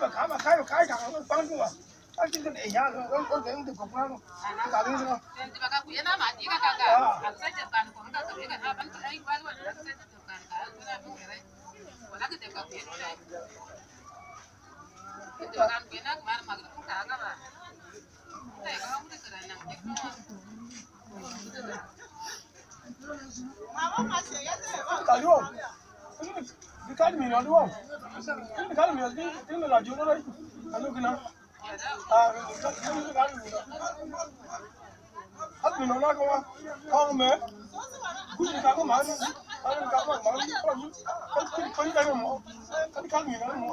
mà khá mà khai mà khai thẳng nó bắn không à anh chính cái này nhá con con cái được cục lắm nó cả cái gì không thì bà cái quý nó mà ờ. chỉ cái càng cả anh sẽ chụp càng cũng đã tự cái nó bắn cái anh quá rồi nó sẽ chụp càng cả nó là cái này của nó cái tiểu càng quý này cái tiểu càng quý nó mà mà cũng cả các bạn này có không được cái này nặng nhất không Mama, masih ya, tuh. Kalau, ini Bikali million di waaw bikali million di di na laa joona lay anu gina ah bikali million at million laa ko waa kaw me kusi ka ko maa ni kali ka ko maa ni kala ni kali kali kali ka mo kali kali million mo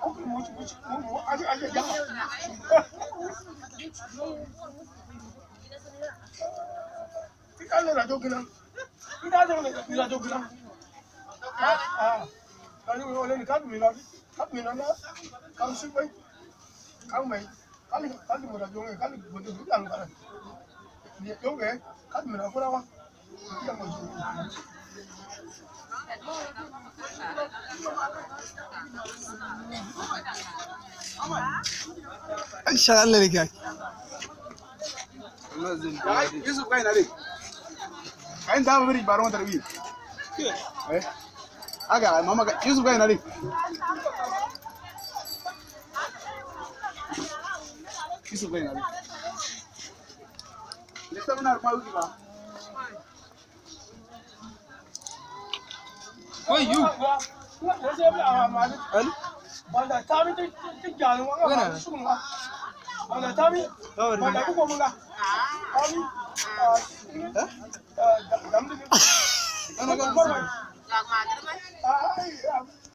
ko ko mo mo mo mo aje aje ja bikali na laa joona bikali na laa joona ah ah kani wo le na na kadu si pe kadu mai kali kali mo da jo Aga, mama, Yusuf guy nari. Yusuf guy nari. Lesa mena rupa wiki ba. Hey you. Ali. Banda tabi ti ti jalu wanga ma sunga. Banda tabi. Banda kuko munga. Tabi. Eh? Damdu. Ana kan. Joga uma Ai,